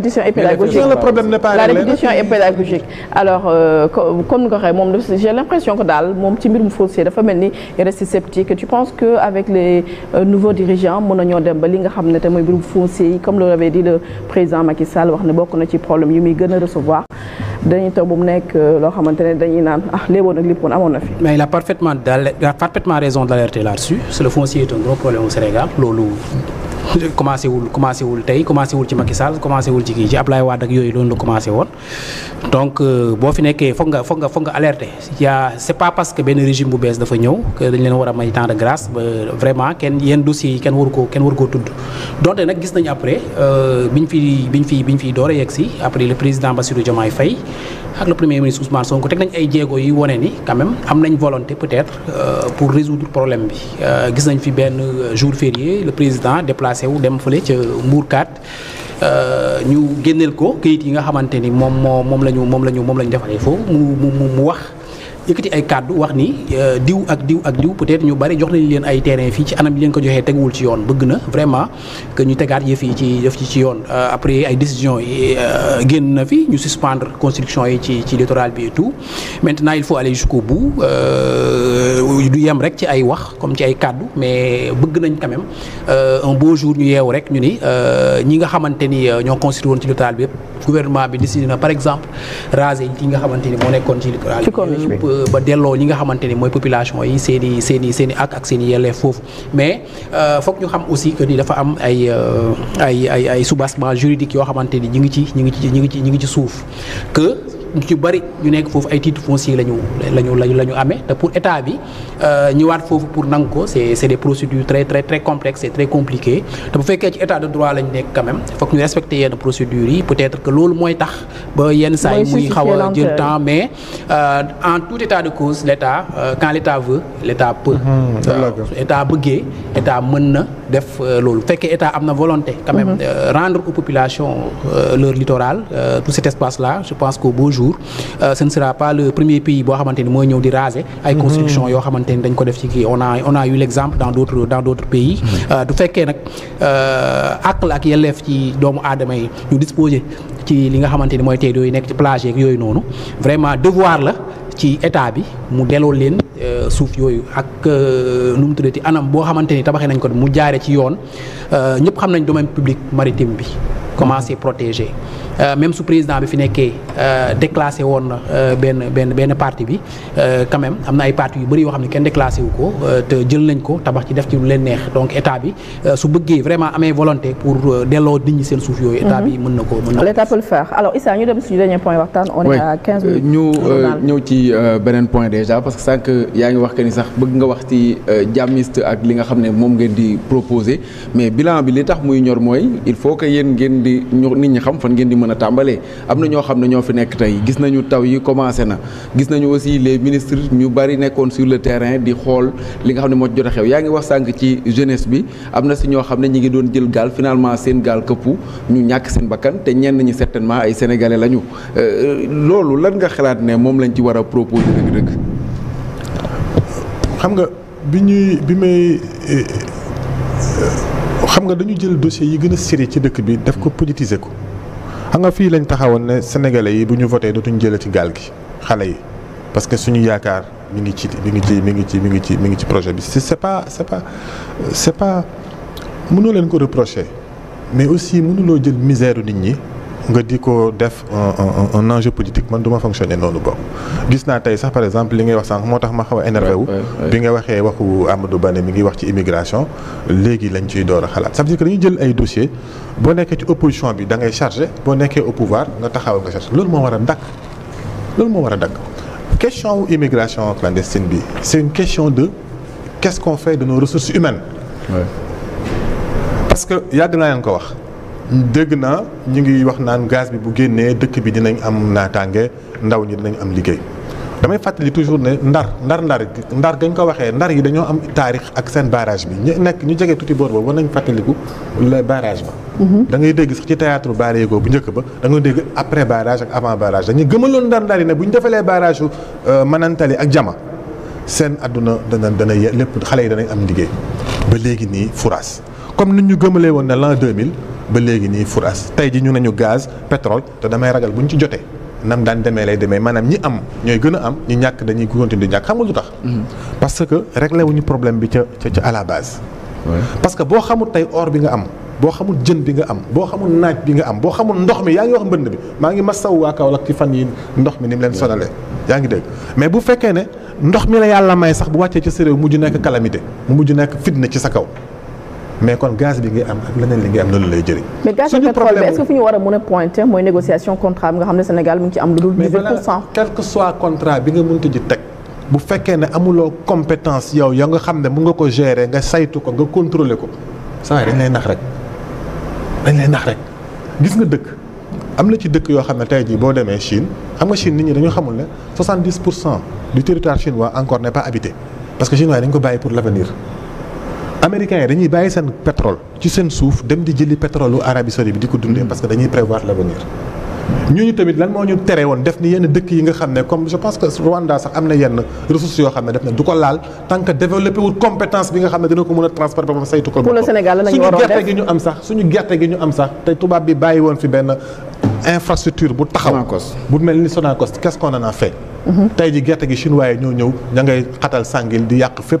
répétition est la répétition est pédagogique alors euh, comme ni ko waxee moom j'ai l'impression que daal moom ci mbirum foncier dafa mel ni reste sceptique tu penses que avec les euh, nouveaux dirigeants mën nañoo dem ba li nga xam ne te mooy mbirum foncier yi comme l'avait dit le président Macky wax ne bokk na ci problème yi muy gën a recevoir dañuy toog bu mu nekk euh, loo xamante ne dañuy naan ah léeboon ak lippoon amoon na fi mais il a parfaitement il a parfaitement raison d'alerter là-dessus c'est le commencé wul commencé wul tey commencé wul ci Macky Sall commencé wul ci kii ci Ablaye Wade yooyu loolu la commencé donc euh, boo fi nekkee foog nga foog nga foog nga alerter yaa c' pas parce que benn régime bu bees dafa ñëw que dañ leen war a may temps de grâce ba vraiment kenn yenn dossiers yi kenn waru koo kenn waru koo tudd donte nag gis nañu après euh, biñ fi biñ fi biñ fiy door a yegg si après le président Bassirou Diomaye Faye ak le premier ministre Ousmane Sonko teg nañ ay jéego yi wone ni quand même am nañ volonté peut-être euh, pour résoudre problème bi gis nañ fi benn jour férié le président déplacé wu dem fële ca Mbourkat Euh, ñu génneel ko kayit yi nga xamante ni moom moo moom la ñu moom la ñu moom la ñu defaree foofu mu mu mu wax. yëkkati ay kàddu wax ni euh, diw ak diw ak diw peut-être ñu bari jox nañu leen ay terrain fii ci anam yi leen ko joxee teguwul ci yoon bëgg na vraiment que ñu tegaat yëf yi ci def ci ci yoon euh, après ay décision yi euh, génn na fi ñu suspendre construction yi ci ci littoral bi et tout maintenant il faut aller jusqu'au bout du yem rek ci ay wax comme ci ay kàddu mais bëgg nañ quand même un beau jour ñu yeewu rek ñu ni ñi nga xamante ni ñoo construire woon ci littoral bi yëpp gouvernement bi décidé na par exemple raser yi nga xamante ni moo nekkoon ci littoral bi ba delloo ñi nga xamante ni mooy population yi seeni seeni seen ak ak seen i yelleef foofu mais euh, foog ñu xam aussi que ni dafa am ay euh, ay ay ay soubassement juridique yoo xamante ni ñi ngi ci ñi ngi ci ñi ngi ci ñi ngi ci suuf que ñu ci bëri ñu nekk foofu ay titres fonciers la ñu la ñu la ñu amee te pour état bi euh, ñëwaat foofu pour nangu ko c'est des procédures très très complexes très compliquées te bu fekkee ci état de droit lañ nekk quand même ñu respecter yenn procédures yi peut-être que loolu mooy tax ba yenn saa yi muy xaw jël temps mais euh, en tout état de cause l'état euh, quand l'état veut l'état peut mm-hmm, état bëggee état mën na def loolu fekkee état am na volonté quand mm-hmm. rendre jour euh, ce ne sera pas le premier pays boo xamante mooy ñëw di raser ay mhm. construction yoo xamante ni dañ ko def ci kii on a on a eu l'exemple dans d'autres pays mhm. euh, du fekkee nag euh, àq la ak yelleef ci doomu aadama yi ñu disposer ci li nga xamante ni mooy tey yooyu nekk ci plage yeeg yooyu noonu vraiment devoir la ci état bi mu delloo leen suuf yooyu ak nu mu tuddati anam boo xamante ni tabaxee nañ ko mu jaare ci yoon ñëpp xam nañ domaine public maritime bi comment mhm. c'est Euh, même su président bi fi nekkee euh, déclassé woon na euh, benn benn benn parti bi quand même am na ay parti yu bari yoo xam ne kenn déclassé wu ko te jël nañ ko tabax ci def ci lu leen neex donc état bi su bëggee vraiment amee volonté pour delloo nit ñi seen suuf yooyu. état mhm. bi mën na ko mën na ko. l'état peut le faire alors Issa ñu dem point waxtaan. ñëw ci beneen point déjà parce que sànq yaa ngi wax que ni sax bëgg nga wax ci jàmmiste ak li nga xam ne moom ngeen di proposer mais bilan bi li tax muy ñor mooy il faut que yéen ngeen di nit ñi xam fan ngeen mën a tàmbalee am na ñoo xam ne ñoo fi nekk tey gis nañu taw yi commencé na gis nañu aussi les ministres ñu bari nekkoon sur le terrain di xool li nga xam ne moo jot a xew yaa ngi wax sànq ci jeunesse bi am na si ñoo xam ne ñi ngi doon jël gaal finalement seen gaal këpp ñu ñàkk seen bakkan te ñenn ñi certainement ay sénégalais lañu euh, loolu lan nga xalaat ne moom lañ ci war a proposer dëgg-dëgg. xam nga bi ñuy bi may euh, euh, xam nga dañu jël dossier yi gën a sérieux ci dëkk bi daf ko politiser ko. xam nga fii lañ taxawoon ne sénégalais yi bu ñu voté dootuñ jëlati gaal gi xale yi parce que suñu yaakaar mu ngi ci mi ngi ci mi ngi ci mi ngi ci mi ngi ci projet bi c'est pas c'est pas c'est pas mënoo leen ko reprocher mais aussi mënuloo jël misère nit ñi. nga di ko def un un enjeu politique man du ma fonctionner noonu bokk gis naa tey sax par exemple li ngay wax sànq moo tax ma xaw a énervé wu bi nga waxee waxu Amadou Bane mi ngi wax ci immigration léegi lañ ciy door a xalaat ça veut dire que dañuy jël ay dossiers boo nekkee ci opposition bi da ngay chargé boo nekkee au pouvoir nga taxawal nga chargé loolu moo war a dakk loolu moo war a dakk question wu immigration clandestine bi seen question de qu'est-ce qu'on fait de nos ressources humaines ouais. parce que yàgg naa leen ko wax dégg naa ñu ngi wax naan gaz bi bu génnee dëkk bi dinañ am naataange ndaw ñi dinañ am liggéey damay fàttali toujours ne ndar ndar ndar ndar gañ ko waxee ndar yi dañoo am taarix ak seen barrage bi ñu nekk ñu jege tuuti boor boobu war nañ fàttaliku le barrage ba mhm. da ngay dégg sax ci théâtre baale yeegoo bu njëkk ba da ngay dégg après barrage ak avant barrage dañuy gëmaloon ndar ndar yi ne bu ñu defalee barrage euh, manantali ak jama seen àdduna dana dana lépp xale yi danañ am liggéey ba léegi nii furaas comme ni ñu gëmalee woon ne l'an mille ba léegi nii fouraas tey ji ñu nañu gaz pétrole te damay ragal bu ñu ci jotee nam daan demee lay demee maanaam ñi am ñooy gën am ñi ñàkk dañuy continuer di ñàkk xam nga lu tax. Mhm. parce que réglé wuñu problème bi ca ca à la base. parce que boo xamul tey or bi nga am. boo xamul jën bi nga am boo xamul naaj bi nga am boo xamul ndox mi yaa ngi wax mbënd bi maa ngi masawu waa Kaolack ci fan yi ndox mi ni mu leen sonalee yaa ngi dégg mais bu fekkee ne ndox mi la yàlla may sax bu wàccee ci sa réew mujj nekk calamité mu mujj nekk fitna ci sa kaw mais kon gaz bi ngay am ak leneen li ngay am loolu lay jëriñ. mais gaz ak pétrole bi est-ce que fu ñu war a mën a pointer mooy négociation contrat bi nga xam ne Sénégal mu ngi ci am lu dul 18 pour cent. bi nga mënta ji teg. bu fekkee ne amuloo compétence yow ya nga xam ne mën nga ko gérer nga saytu ko nga contrôler ko saa dañ lay nax rek dañ lay nax rek gis nga dëkk am na ci dëkk yoo xam ne tey jii boo demee Chine xam nga Chine nit ñi dañu xamul ne 70 pour cent du territoire chinois encore n'est pas habité parce que dañ ko bàyyi pour l'avenir américains yi dañuy bàyyi seen pétrole ci seen suuf dem di jëli pétrole u Arabie Saoudite bi di ko dundee parce que dañuy prévoir l'avenir ñu tamit lan moo ñu tere woon def ni yenn dëkk yi nga xam ne comme je pense que Rwanda sax am na yenn ressources yoo xam ne def na du ko laal tant que développé wul compétence bi nga xam ne dina ko mën a transférer ba saytu ko. pour ñu waroon suñu gerte gi ñu am sax te tubaab bi bàyyi woon fi benn infrastructure bu taxaw. bu mel ni Sonacos qu'est-ce qu'on en mhm. tey ji gerte gi chinois yi ñoo ñëw ña ngay xatal sàngil di yàq fépp.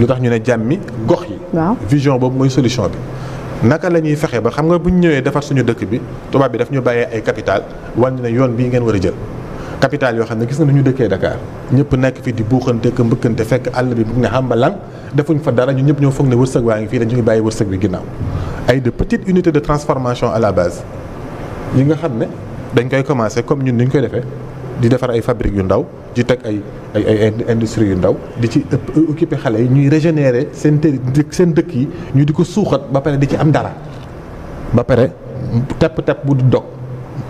lu tax ñu ne jàmmi gox yi. vision boobu mooy solution bi. naka la ñuy fexe ba xam nga bu ñu ñëwee defar suñu dëkk bi tubaab bi daf ñu bàyyee ay capital wan ne yoon bii ngeen war a jël capital yoo xam ne gis nga nu ñu dëkkee Dakar ñëpp nekk fi di buuxante ko mbëkkante fekk àll bi bug ne xambalan defuñ fa dara ñu ñëpp ñoo foog ne wërsëg waa ngi fii dañu ngi bàyyi wërsëg bi ginnaaw ay de petites unités de transformation à la base yi nga xam ne dañ koy commencé comme ñun ni ñu koy defee di defar ay fabrique yu ndaw di teg ay ay ay industrie yu ndaw di ci ëpp euh, occupé xale yi ñuy régénérer seen të seen dëkk yi ñu di ko suuxat ba pare di ci am dara ba pare tepp tepp bu di dog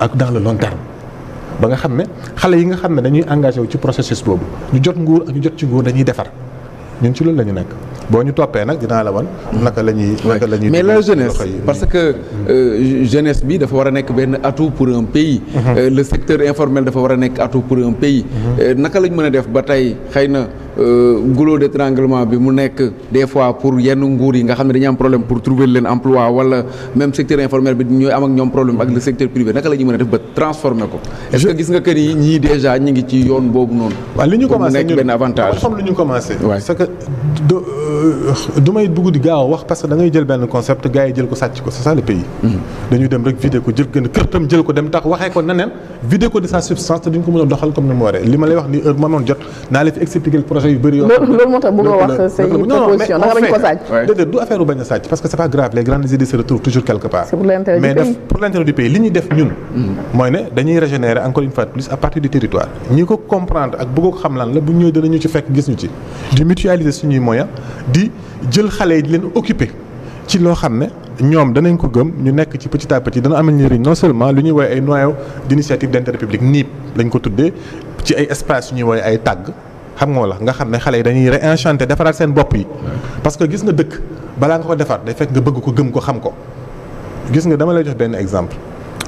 ak dans le long ba nga xam ne xale yi nga xam ne dañuy engagé wu ci processus boobu ñu jot nguur ak ñu jot ci nguur dañuy defar ñun ci loolu la ñu nekk. boo ñu toppee nag dinaa la wan naka la ñuy naka la ñuy mais euh, dafa war a nekk benn atout pour un pays mhm. euh, le secteur informel dafa war a nekk atout pour un pays mhm. euh, naka lañ mën a def ba tey xëy na goulot d'étranglement bi mu nekk des fois pour yenn nguur yi nga xam ne dañuy am problème pour trouver leen emploi wala même secteur informel bi ñoom problème ak le secteur privé naka la ñuy mën a def ba transformer ko est-ce que gis nga kër yi ñii déjà ñu ngi ci yoon boobu noonu waaw li ñu commencé nekk benn avantage xam li ñu commencé Euh, du may di gaaw a wax parce que da ngay jël benn concept gars jël ko sàcc ko c'est ça mhm. dañu dem rek vidé ko jël gën kërtam jël ko dem tax waxee ko neneen vidé ko de sa substance te duñ ko mën a doxal comme ni mu waree li ma lay wax ni heure ma noon jot naa la fi expliquer projet yu bëri yoo. loolu moo tax bëgg wax say proposition ndax bañ mhm. mooy ne dañuy régénérer encore une plus à partir du territoire ñi ko comprendre ak bëgg ko la bu ñëwee di jël xale yi di leen occuper ci loo xam ne ñoom danañ ko gëm ñu nekk ci petit à petit dana amal njëriñ non seulement lu ñuy woowee ay noyau d'initiative d'intérêt public niib lañ ko tuddee ci ay espace yu ñuy woowee ay tàgg xam nga la nga xam ne xale yi dañuy réenchanté defaraat seen bopp yi. parce que gis nga dëkk balaa nga ko defar day fekk nga bëgg ko gëm ko xam ko gis nga dama lay jox benn exemple.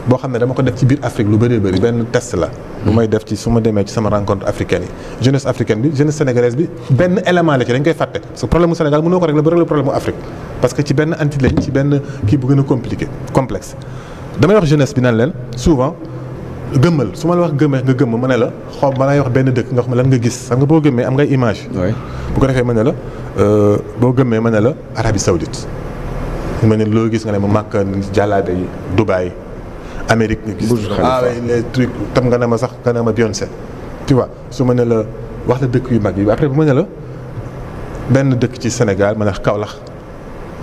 boo xam ne dama ko def ci biir Afrique lu bëree bëri benn test la. lu may def ci su ma demee ci sama rencontre africaine yi jeunesse africaine bi jeunesse sénégalaise bi benn élément la ci dañ koy fàtte. parce problème Sénégal mënoo ko régler ba régler problème mu Afrique parce que ci benn anti ci benn kii bu gën a compliqué complexe. damay wax jeunesse bi nan leen souvent gëmmal su ma la wax gëmmee nga gëmm ma ne la xaw ma lay wax benn dëkk nga wax ma lan nga gis xam nga boo gëmmee am ngay image. bu ko defee ma ne la euh, boo gëmmee ma ne la Arabie Saoudite. ma ne loo gis nga ne ma màkk jàllabe yi Dubaï Amérique nga gis. Burj ah les trucs tam nga ne ma sax nga ne ma Beyoncé. tu su ma ne la wax la dëkk yu mag yi après bu ma ne la benn dëkk ci Sénégal ma ne Kaolack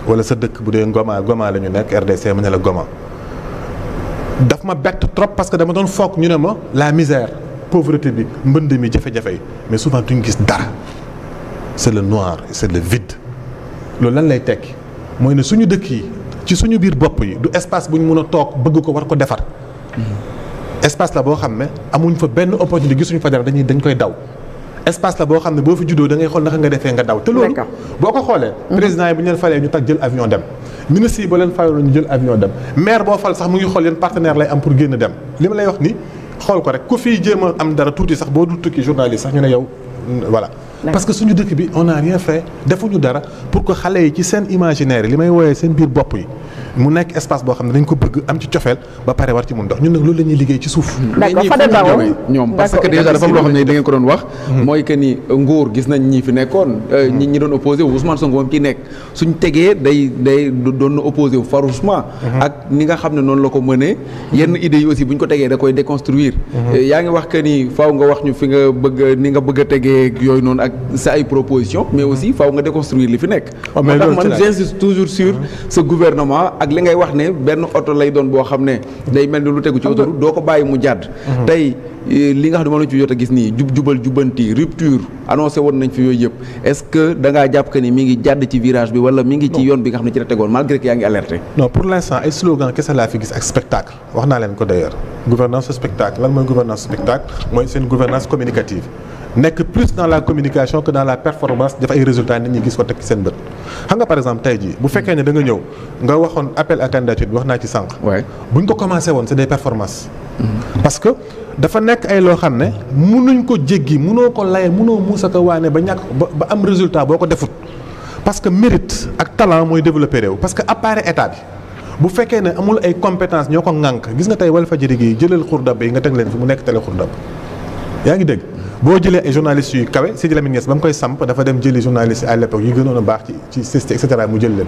wala sa dëkk bu dee Ngoma Ngoma la ñu nekk RDC ma ne la Ngoma. daf ma bett trop parce que dama doon foog ñu ne ma la misère pauvreté bi mbënd mi jafe-jafe yi mais souvent duñ gis dara c'est le noir c'est le vide loolu lan lay tekki mooy ne suñu dëkk yi. ci suñu biir bopp yi du espace bu ñu mun a toog bëgg ko war ko defar espace la boo xam ne amuñ fa benn opportunité gisuñu fa dara dañuy dañ koy daw espace la boo xam ne boo fi juddoo da ngay xool naka nga defee nga daw te loolu boo ko xoolee mhm. président yi bu ñu leen falee ñu tag jël avion dem ministre yi ba leen faloo ñu jël avion dem maire boo fal sax mu ngi xool yéen partenaire lay am pour génn dem li ma lay wax ni xool ko rek ku fii jéem a am dara tuuti sax boo dul tukki journaliste sax ñu ne yow voilà parce que suñu dëkk bi on n'a rien fait defuñu dara pour que xale yi ci seen imaginaire li may wooyee seen biir bopp yi mu nekk espace boo xam ne dañ ko bëgg am ci cofeel ba pare war ci mun dox ñun nag loolu la ñuy liggéey ci suuf. d'accord fa de bawoo ñoom parce que déjà ne da ngeen nga xam ne noonu la ko mënee. yenn hmm. idées yi aussi bu ñu ko tegee da koy déconstruire. Hmm. Euh, yaa ngi wax que ni faaw nga wax ñu fi nga bëgg ni nga bëgg a tegee yooyu noonu ak sa ay proposition mais mm-hmm. aussi faaw nga déconstruire li fi nekk ah, moo tax man j'insiste toujours sur mm-hmm. ce gouvernement ak li ngay wax ne benn oto lay doon boo xam ne mm-hmm. day mel ni lu tegu ci ah, autoroute doo ko bàyyi mu jàdd tey eh, li nga xam ne moom lañu ci gis nii jub jubal jubbanti rupture annoncé woon nañ fi yooyu yëpp est-ce que da ngaa jàpp que ni mi ngi jàdd ci virage bi wala mi ngi ci yoon bi nga xam ne ci la tegoon malgré que yaa ngi alerté non pour l'instant ay slogan kese laa fi gis ak spectacle wax naa leen ko d'ailleurs lan mooy gouvernance spectacle mooy seen gouvernance communicative nekk plus dans la communication que dans la performance def ay résultats nit ñi gis ko teg ci seen bët xam nga par exemple tey jii bu fekkee ne da nga ñëw nga waxoon appel à candidature bi wax naa ci sànq. bu ñu ko commencé woon c'est des performances. Mm-hmm. parce que dafa nekk ay loo xam ne mënuñ ko jéggi mënoo ko laye mënoo muusa ko waane ba ñàkk ba am résultat boo ko defut parce que mérite ak talent mooy développé réew parce que appareil état bi. bu fekkee ne amul ay ñoo ko ŋànk gis nga tey Walfadjri gi jëlal xurdab yi nga teg leen fi mu nekk télé xurdab yaa ngi dégg boo jëlee ay journalistes yu kawe Sidi Lamine Niass ba mu koy samp dafa dem jëli journalistes à l'époque yu gënoon a baax ci ci système mu jël leen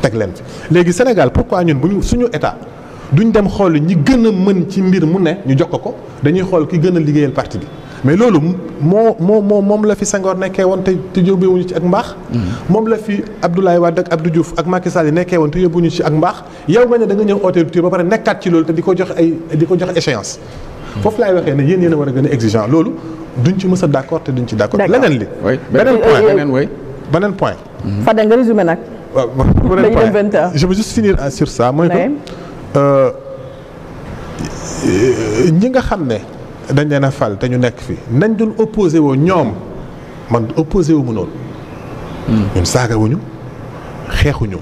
teg leen fi léegi Sénégal pourquoi ñun bu ñu suñu état duñ dem xool ñi gën a mën ci mbir mu ne ñu jox ko ko dañuy xool ki gën a liggéeyal parti bi mais loolu moo moo moo moom la fi Senghor nekkee woon te te yóbbuwuñu ci ak mbaax. Mm-hmm. moom la fi Abdoulaye Wade ak Abdou Diouf ak Macky yi nekkee woon te yóbbuwuñu ci ak mbaax yow nga ne da nga ñëw ba pare nekkaat ci loolu te di ko jox ay di jox échéance. Mm-hmm. foofu laay waxee ne yéen yéen war a gën a exigeant loolu duñ ci mës a d'accord te duñ ci d'accord. leneen li beneen point beneen oui beneen point. Mmh. Fadel nga résumé nag. waaw beneen point je veux juste finir euh, sur ça mooy que euh, ñi nga xam ne dañ leen a fal te ñu nekk fi nañ dul opposé woo ñoom man opposé wu mu noonu. Mmh. ñun saagawuñu xeexuñu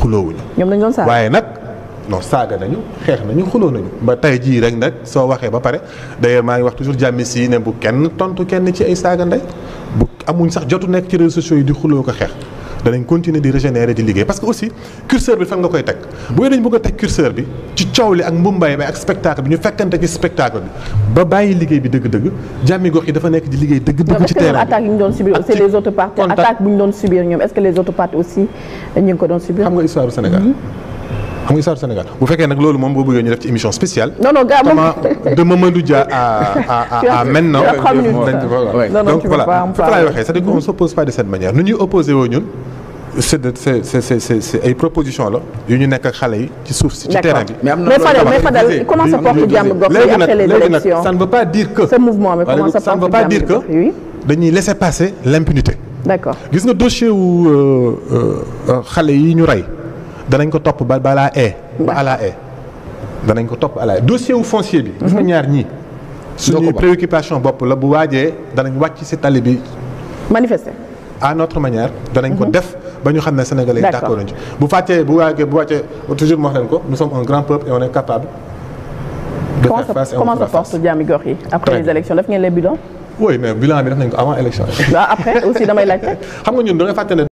xuloowuñu. ñoom dañ waaye nag. non saaga nañu xeex nañu xuloo nañu ba tey jii rek nag soo waxee ba pare d'ailleurs maa ngi wax toujours jàmmi sii ne bu kenn tontu kenn ci ay saaga ndey bu amuñ sax jotu nekk ci réseaux sociaux yi di xuloo ko xeex danañ continuer di régénérer di liggéey parce que aussi curseur bi fan nga koy teg bu dañ bëgg ci coow li ak mbumbaay bi ak spectacle bi ñu fekkante ci spectacle bi ba bàyyi liggéey bi dëgg-dëgg jàmmi gox yi dafa nekk di liggéey dëgg-dëgg ci terrain bi attaque yi ñu doon subir ah, aussi les autres parties attaque bu ñu doon subir ñoom est-ce que les autres parties aussi euh, ñu ngi ko doon subir xam nga histoire du Sénégal mhm. muy histoire Sénégal bu fekkee nag loolu moom boo bëggee ñu def ci émission spéciale. non non gars moom de Mamadou Dia à à à maintenant. donc voilà fa laay waxee c'est-à-dire qu'on s'oppose pas de cette manière nu ñuy opposé woo ñun. c' est c'est c'est c'est ay proposition la yu ñu nekk ak xale yi ci suuf si ci terrain bi. mais am na Fadel mais Fadel comment ça porte jàmm gox yi après les élections ça ne veut pas dire que. ce mouvement mais comment ça porte jàmm gox ça ne veut pas dire que dañuy laisser passer l'impunité. d'accord gis nga dossier wu euh, euh, xale yi ñu rey. danañ ko topp ba balaa ee ba alaa ee danañ ko topp alaa ee dossier wu foncier bi gis nga mhm. ñaar ñii suñuy préoccupation bopp la bu waajee danañ wàcc ci tali bi manifester à notre manière danañ ko mhm. def ba ñu xam ne sénégalais yi d'accord bu fàccee bu waagee bu wàccee toujours mu wax leen ko nous sommes un grand peuple et on capable de faire face comment se Gox yi après les élections daf ngeen les bilan oui mais bilan bi def nañ ko avant élection waaw après aussi damay laajte xam nga ñun da